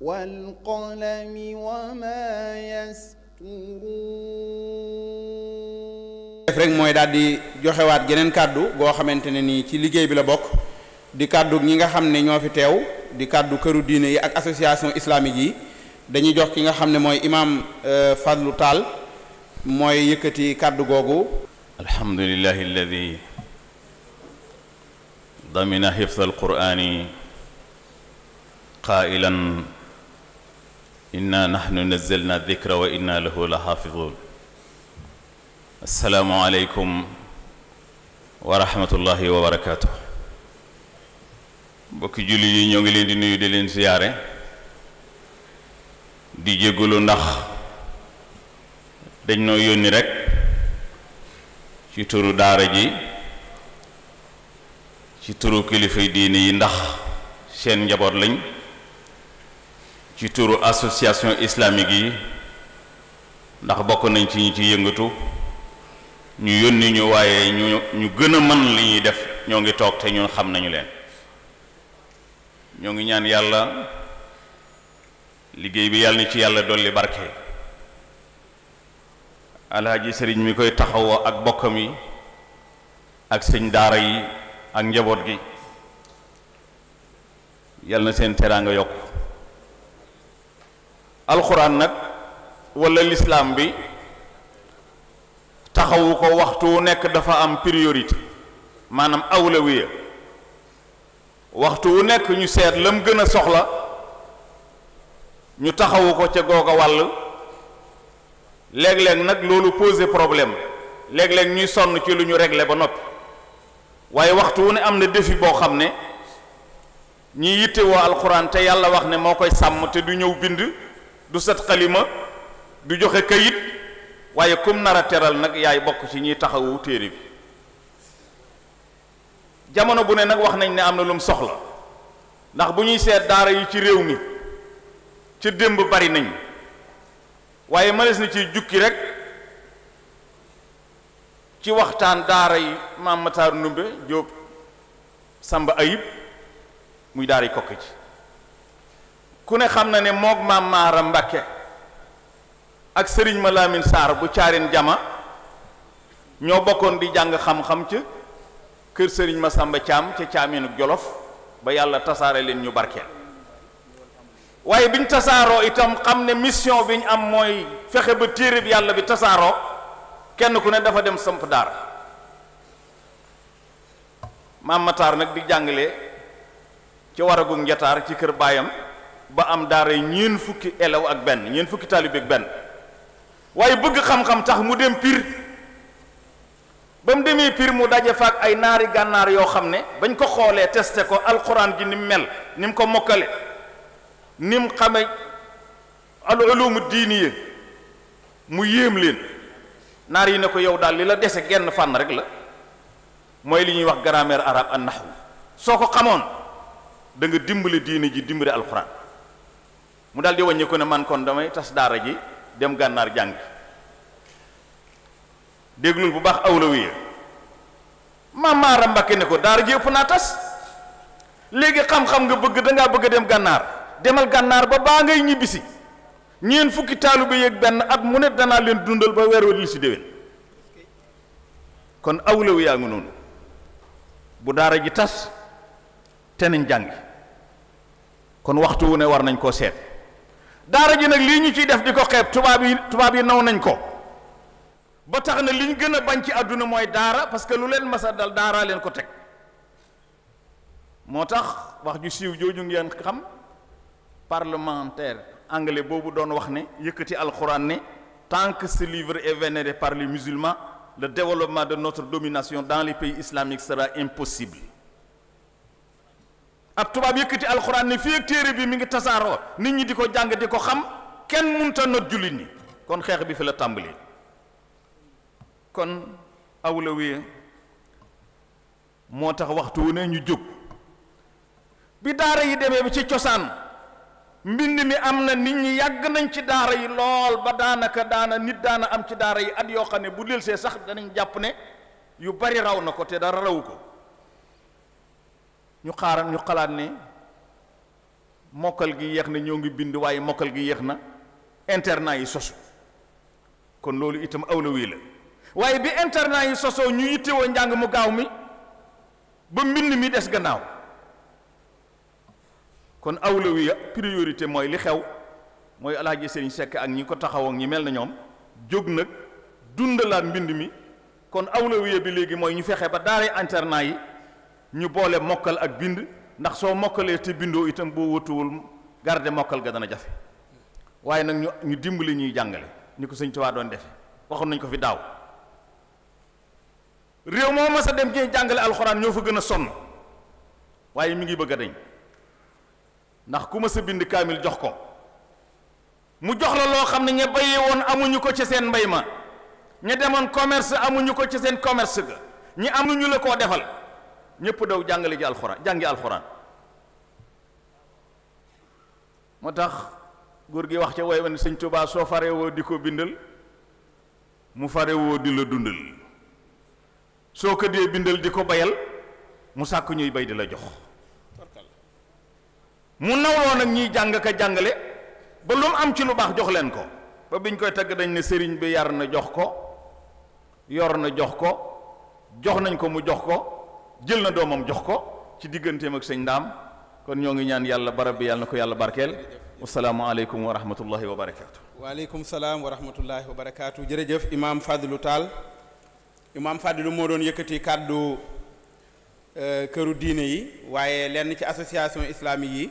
والقلم وما يسطرون def rek mooy daal di joxewaat geneen kàddu goo xamante ne nii ci liggéey bi la bokk di kàddu ñi nga xam ne ñoo fi teew di kàddu këru diine yi ak association islamique yi dañuy jox ki nga xam ne mooy imaam euh, Fadlu Taal mooy yëkkati kàddu googu alhamdulillahi alladi damina xifda alqurani qailan inna nahnu nazzalna dikra wa inna lahu la xaafidun asalaamualeykum wa rahmatullahi wa barakaatu mbokki jullit yi ñoo ngi leen di nuyu di leen siyaare di jégalu ndax dañ noo yónni rekk ci turu daara ji ci turu kilifa diine yi ndax seen njaboot lañ ci turu association islamique yi ndax bokk nañ ci ñi ci yëngatu ñu yónni ñu waaye ñu ñu gën a mën li ñuy def ñoo ngi toog te ñun xam nañu leen ñoo ngi ñaan yàlla liggéey bi yàlla na ci yàlla dolli barke alhaji sëriñ mi koy taxawoo ak bokkam yi ak sëñ daara yi ak njaboot gi yàlla na seen teraanga yokk alxuraan nag wala lislaam bi taxawu ko waxtu wu nekk dafa am priorité maanaam awlawiya waxtu wu nekk ñu seet lam gën a soxla ñu taxawu ko ca googa wàll léeg-léeg nag loolu posé problème léeg-léeg ñuy sonn ci lu ñu réglé ba noppi waaye waxtu wu ne am na défi boo xam ne ñi yittewoo alxuraan te yàlla wax ne moo koy sàmm te du ñëw bind du sat xalima du joxe kayit waaye kum nar teral nag yaay bokk ci ñuy taxawu téere bi jamono bu ne nag wax nañ ne am na lum soxla ndax bu ñuy seet daara yi ci réew mi ci démb bari nañ waaye mënees na ciy jukki rek ci waxtaan daara yi maam Matar Ndumbe Jóob Samba Ayib muy daara yi kokk ci ku ne xam na ne moog maam Maara Mbakke ak sëriñ ma Laamin Saar bu caarin jama ñoo bokkoon di jàng xam-xam ca kër sëriñ ma Samba Caam ci Caaminu Jolof ba yàlla tasaare leen ñu barkeel waaye biñ tasaaroo itam xam ne mission bi am mooy fexe ba téere bi yàlla bi tasaaroo kenn ku ne dafa dem sëmp daar maam Mataar nag di jàngale ci waragu njataar ci kër baayam ba am daara yi ñeen fukki elew ak benn ñeen fukki taalibe ak benn waaye bëgg xam-xam tax mu dem piir ba mu demee piir mu daje fa ay naari gànnaar yoo xam ne bañ ko xoolee teste ko alxuraan gi ni mu mel ni mu ko mokkale ni mu xame al ulumu diiniya mu yéem leen naar yi ne ko yow daal li la dese genn fànn rek la mooy li ñuy wax grammaire arabe an nahwu soo ko xamoon da nga dimbali diini ji dimbali alxuraan mu daal di wàññeeku ne man kon damay tas daara ji dem gànnaar jàng déglul bu baax awlawiya maam Maara Mbakke ne ko daara ji ëpp naa tas léegi xam-xam nga bëgg dangaa bëgg dem gànnaar demal gànnaar ba baa ngay ñibbisi ñeen fukki taalibe yeeg benn at mu ne danaa leen dundal ba weer wala li si déwén kon awlawiya ngi noonu bu daara ji tas te nañ jàng kon waxtu wu ne war nañ koo seet. daara ji nag lii ñu ciy def di ko xeeb tubaab yi tubaab yi naw nañ ko ba tax na li ñu gën a bañ ci àdduna mooy daara parce que lu leen masa dal daaraa leen ko teg moo tax wax ju siiw jooju ngeen xam parlementaire anglais boobu doon wax ne yëkkati alxuraan ne tant que ce livre est vénéré par les musulmans le développement de notre domination dans les pays islamiques sera impossible ab tubaab yëkkati alxuraan ne fii ak téere bii mu ngi tasaaroo nit ñi di ko jàng di ko xam kenn munta not jullit ñi kon xeex bi fi la tàmbali kon awlawiya moo tax waxtu wu ne ñu jóg bi daara yi demee ba ci cosaan mbind mi am na nit ñi yàgg nañ ci daara yi lool ba daanaka daana nit daana am ci daara yi at yoo xam ne bu delsee sax danañ jàpp ne yu bari raw na ko te dara rawu ko ñu xaaral ñu xalaat ne mokkal gi yéex na ñoo ngi bind waaye mokkal gi yéex na internat yi sosu kon loolu itam awlawi la waaye bi internat yi sosoo ñu yittewoo njàng mu gaaw mi ba mbind mi des gannaaw kon awlawi priorité mooy li xew mooy alaaji Sëriñ Seck ak ñi ko taxaw ak ñi mel na ñoom jóg nag dundalaat mbind mi kon awlawiya bi léegi mooy ñu fexe ba daara internat yi ñu boole mokkal ak bind ndax soo mokkalee te bindoo itam boo wutuwul garde mokkal ga dana jafe waaye nag ñu ñu dimbali ñuy jàngale ñu ko sëñ Tuubaa doon defe waxoon nañ ko fi daaw réew moo mas a dem ñuy jàngale alxuraan ñoo fa gën a sonn waaye mi ngi bëgg a deñ ndax ku ma sa bind kaamil jox ko mu jox la loo xam ne ña béyee woon amuñu ko ca seen mbay ma ña demoon commerce amuñu ko ci seen commerce ga ñi amuñu la koo defal ñépp daw jàngale ji alxuraan jàngi alxuraan moo tax góor gi wax ca way wane sëñ Tuubaa soo farewoo di ko bindal mu farewoo di la dundal soo ko dee bindal di ko bayal mu sàkk ñuy bay di la jox mu nawloo nag ñuy jàng ka jàngale ba lu mu am ci lu baax jox leen ko ba biñ koy tegg dañ ne sëriñ bi yar na jox ko yor na jox ko jox nañ ko mu jox ko jël na doomam jox ko ci digganteem ak sëñ ndaam kon ñoo ngi ñaan yàlla barab bi yàlla na ko yàlla barkeel asalaamaaleykum wa rahmatullahi wa barakaatu. waaleykum salaam wa rahmatullahi wa barakaatu jërëjëf imaam lu taal imaam Fadilou moo doon yëkkati kàddu euh, këru diine yi waaye lenn ci association islamique yi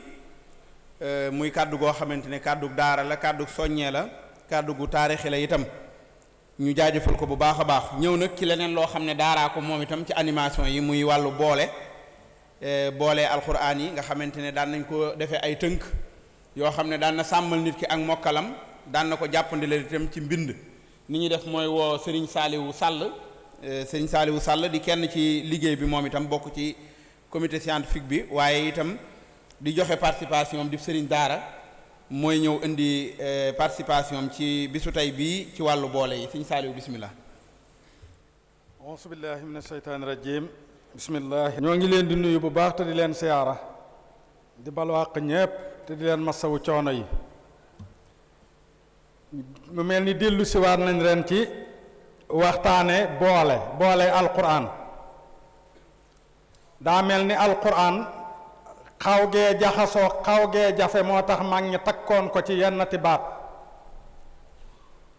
euh, muy kàddu goo xamante ne kàddu daara la kàddu soññee la kàddu gu taarixi la itam. ñu jaajëfal ko bu baax a baax ñëw nag ci leneen loo xam ne daaraako moom itam ci animation yi muy wàllu boole e, boole alxuraan yi nga xamante ne daan nañ ko defee ay tënk yoo xam ne daan na sàmmal nit ki ak mokkalam daan na ko jàppandile itam ci mbind ni ñuy def mooy woo Serigne Saliou Sall e, Serigne wu Sall di kenn ci liggéey bi moom itam bokk ci commité scientifique bi waaye itam di joxe participation di Serigne Daara. mooy ñëw indi eh, participation ci bisu tey bii ci wàllu boole yi sëñ Saaliw bismillah auzubillahi min asheytaani rajim bismillah ñoo ngi leen di nuyu bu baax te di leen siyaara di balwaaq ñépp te di leen masawu coono yi mu mel ni dellu siwaat nañ ren ci waxtaane boole boole alquran daa mel ni alquran xaw gee jaxasoo xaw gee jafe moo tax mag ñi takkoon ko ci yennati baat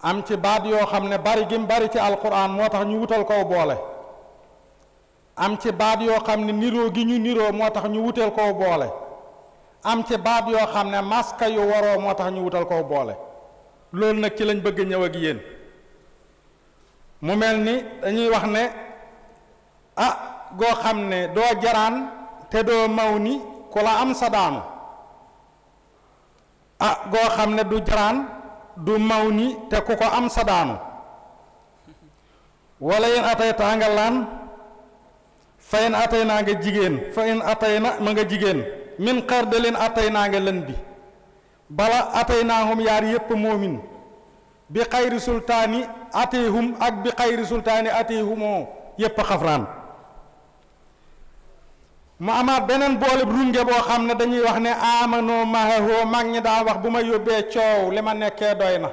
am ci baat yoo xam ne bari gim bari ci alquran moo tax ñu wutal kow boole am ci baat yoo xam ne niroo gi ñu niroo moo tax ñu wutal kow boole am ci baat yoo xam ne maska yu waroo moo tax ñu wutal kow boole loolu nag ci lañ bëgg ñëw ak yéen mu mel ni dañuy wax ne ah goo xam ne doo jaraan te doo maw ni ku la am sa daanu ah goo xam ne du jaraan du maw ni te ku ko am sa daanu wala yéen atay taa nga laan fa in naa nga jigéen fa in atay na ma nga jigéen min xar de leen atay naa nga lën bi bala atay naa hum yaar yépp moomin bi xayri sultaani atay hum ak bi xayri sultaani atay humoo yépp xafraan mu amaat beneen booleb runge boo xam ne dañuy wax ne amanoo mahahoo mag ñi daa wax bu ma yóbbee coow li ma nekkee doy na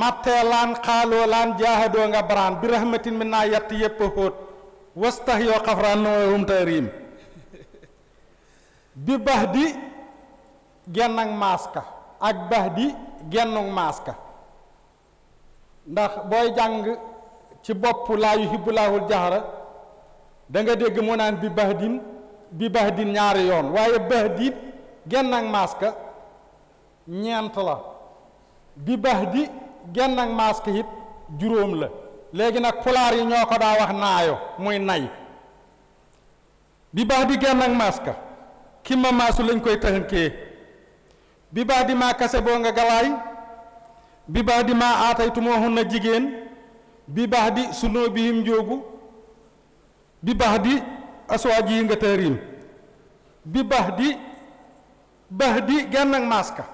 mattee laan xaaloo laan jaahadoo nga baraan bi rahmatin min naa yett yépp a xóot was tax yoo xafraan noo humta riim bi bax di genn ak maaska ak bax di gennuk maaska ndax booy jàng ci bopp laa yu hibbulaahul jaxara danga dégg mu naan bi bax din bi bax din ñaari yoon waaye bax din genn ak maaska ñeent la bi bax di genn ak maaska it juróom la léegi nag pulaar yi ñoo ko daa wax naayo muy nay bi baax di genn ak maaska ki ma lañ koy tënkee bi baax di maa kase boo nga galaay bi baax di maa aataytu moo hun na jigéen bi baax di sunoo bihim njoogu bi baax di aswaaj yi nga tëriim bi baax di bax di genn ak maaska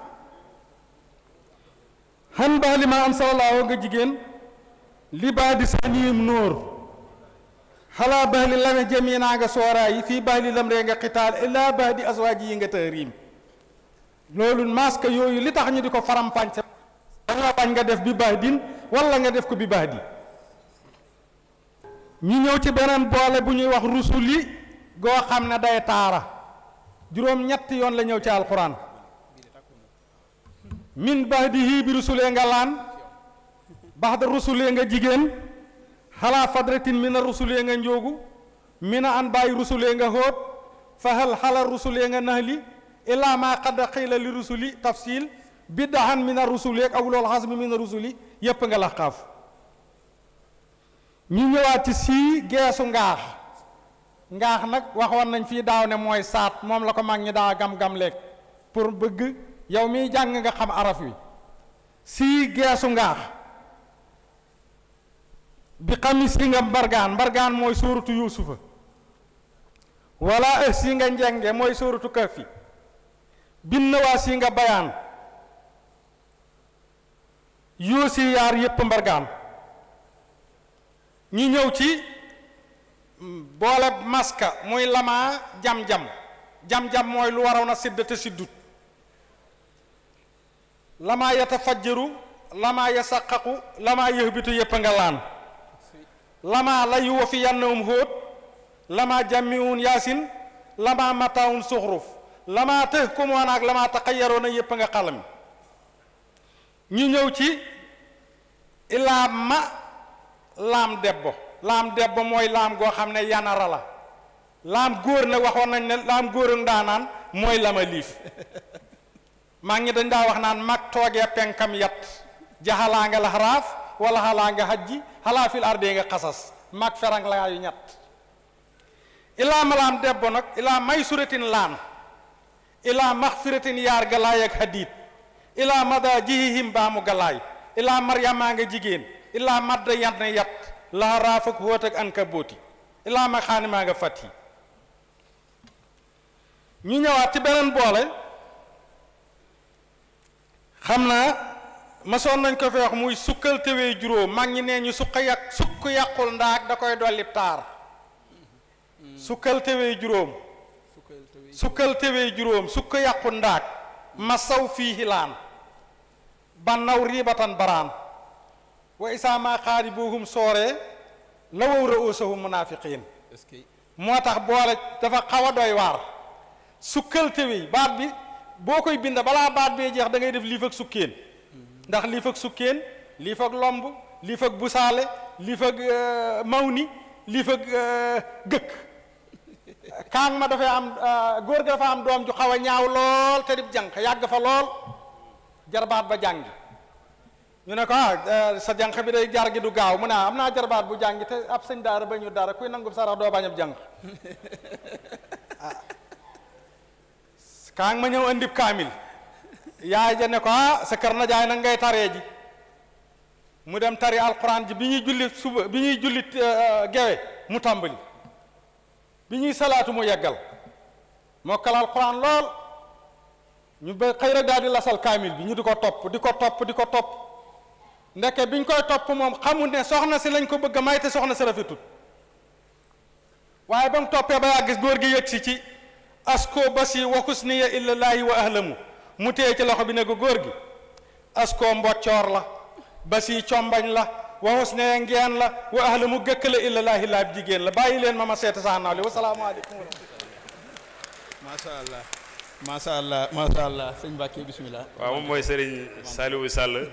xan baax li ma am sawlaawo nga jigéen li baax di saniim nóor xalaa baax li lame jami naa nga sooraa yi fii baax li lam ree nga xitaal illaa baax di aswaaj yi nga tëriim loolu maaska yooyu li tax ñu di ko faram-fànce danga nga def bi baax din wala nga def ko bi baax di ñu ñëw ci beneen boole bu ñuy wax rusul yi goo xam ne day taara juróom ñetti yoon la ñëw ci alquran min bahdihi bi rusulee nga laan baxda rusulee nga jigéen xalaa fadratin min a rusulee nga njóogu min a an bàyyi rusulee nga xóot fahal xala rusulee nga nahli illaa maa qad xiila li rusuli tafsil biddahan min a rusuleeg awlool xasmi min a rusuli yépp nga laxaaf ñu ñëwaat ci sii geesu ngaax ngaax nag waxoon nañ fii daaw ne mooy saat moom la ko mag ñi daa gam-gam leeg pour bëgg yow miy jàng nga xam araf wi sii geesu ngaax bi xami si nga mbargaan mbargaan mooy sóoratu yuusufa wala si nga njenge mooy sóoratu kafi bin nawaa si nga bayaan yoo si yaar yépp mbargaan ñu ñëw ci boole maska muy lama jam-jam jam mooy lu waroon a sidd te siddut lamaa yatafajjaru lamaa yasaqaqu lamaa yëhbitu yépp nga laan lamaa la yuwa fi yannawum hóot lamaa jàmmiwun yaasin lamaa mataawun suxruf lamaa tëx kumoon ak lamaa taxayaroon a yépp nga xalam ñu ñëw ci ilaa ma laam debbo laam debbo mooy laam goo xam ne yanara la laam góor nag waxoon nañ ne laam góor ak ndaanaan mooy lama liif maa ngi dañ daa wax naan mag toogee penkam yat jaxalaa nga la raaf wala xalaa nga xaj ji xalaa fil ardee nga xasas mag ferang laa ñett ilaa ma laam debbo nag ilaa may suratin laan ilaa max firatin yaar galaay ak xadiit ilaa mada jihihim baa mu galaay ilaa maryamaa nga jigéen illaa mat yat na yat laa raaf ak hóot ak an kabooti illaa ma xaanimaa nga fat yi ñu ñëwaat ci beneen boole xam naa masoon nañ ko fi muy sukkal tewee juróom mag ñi nee ñu sukka yàq sukk yàqul ndaag da koy dolli taar sukkal tewee juróom sukkal juróom sukk yàqul ndaag ma saw fii hilaan ba naw riibatan baraan wa isaa maa xaaribuhum sooree la wow ra'usahum munaafiqiin moo tax boole dafa xaw a doy waar sukkalte wi baat bi boo koy bind balaa baat bee jeex dangay ngay def liif ak sukkeen ndax fa ak sukkeen liif ak lomb liif ak busaale liif ak euh, mawni liif ak euh, gëkk kaang ma dafay am euh, góor ga dafa am doom ju xaw a ñaaw lool te dib jànq yàgg fa lool jarbaat ba jàngi ñu ne ko ah eh, sa janq bi day jar gi du gaaw mu ne ah, am naa jarbaat bu jàngi te ab sëñ daara ba ñu daara kuy nangu sarax doo bañ ab jànq ah kaa ma ñëw kaamil yaay ja ne ko ah, na ngay taree ji mu dem tari alquran bi ñuy julli suba bi ñuy julli eh, eh, gewe mu tàmbali bi ñuy salaatu mu yeggal mokkal alquran lool ñu ba xëy rek daal di lasal kaamil bi ñu di ko topp di ko topp di ko topp bi biñ koy topp moom xamul ne soxna si lañ ko bëgg a may te soxna si rafetul waaye ba mu toppee ba yaa gis góor gi yëg si ci asko basi wa xusniya illallaahi wa ahlamu mu téye ci loxo bi ne ko góor gi asko mboccoor la basi combañ la wa xusniya ngeen la wa ahlamu gëkk la illallaahi laab jigéen la bàyyi leen ma ma seeta sax naaw li wasalaamu aleykum wa rahmatullah maa sha allah macha allah macha allah sëñ Mbacke bisimilah. waaw moom mooy Serigne Saliou Sall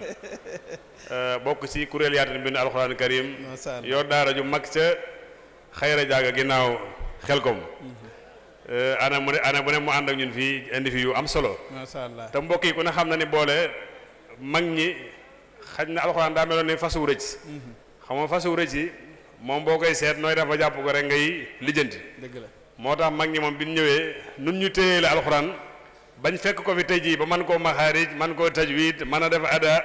euh, bokk ci kuréel yaatal mbind alxuraan karim. yor daara ju mag ca xayra jaaga ginnaaw xelkom. Mm-hmm. Euh, ana mu ne ana bu ne mu ànd ak ñun fii indi fi yu am solo. macha allah te mbokk yi ku ne xam na ne boole mag ñi xaj na alxuraan daa meloon ne fasu rëcc. Mm-hmm. xam nga fasu rëcc moom boo koy seet nooy dafa jàpp ko rek ngay lijjanti. dëgg la. moo tax mag ñi moom bi ñu ñëwee nun ñu téye la alxuraan bañ fekk ko fi tey jii ba man koo maxaarij man koo tajwid mën a def ada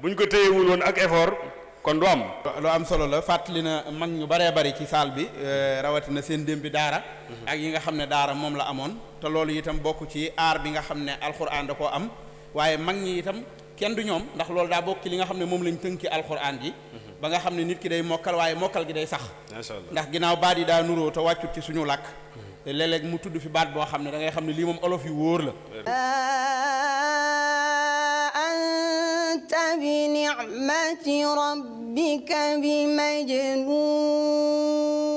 buñ ko téyewul woon ak effort kon du am. lu am solo la fàttali na mag ñu baree bari ci saal bi euh, rawatina seen démb daara. Mhm. ak yi nga xam ne daara moom la amoon. te loolu itam bokk ci aar bi nga xam ne alxuraan da koo am waaye mag ñi itam. kenn du ñoom ndax loolu daa bokk li nga xam ne moom lañ tënki alxuraan ji mhm. ba nga xam ne nit ki day mokkal waaye mokkal gi day sax ndax ginnaaw baat yi daa nuroo te wàccut ci suñu làkk mhm. léeg-léeg mu tudd fi baat boo xam ne da xam ne lii moom olof yu wóor la anta bi ni'mati rabbika bi majnun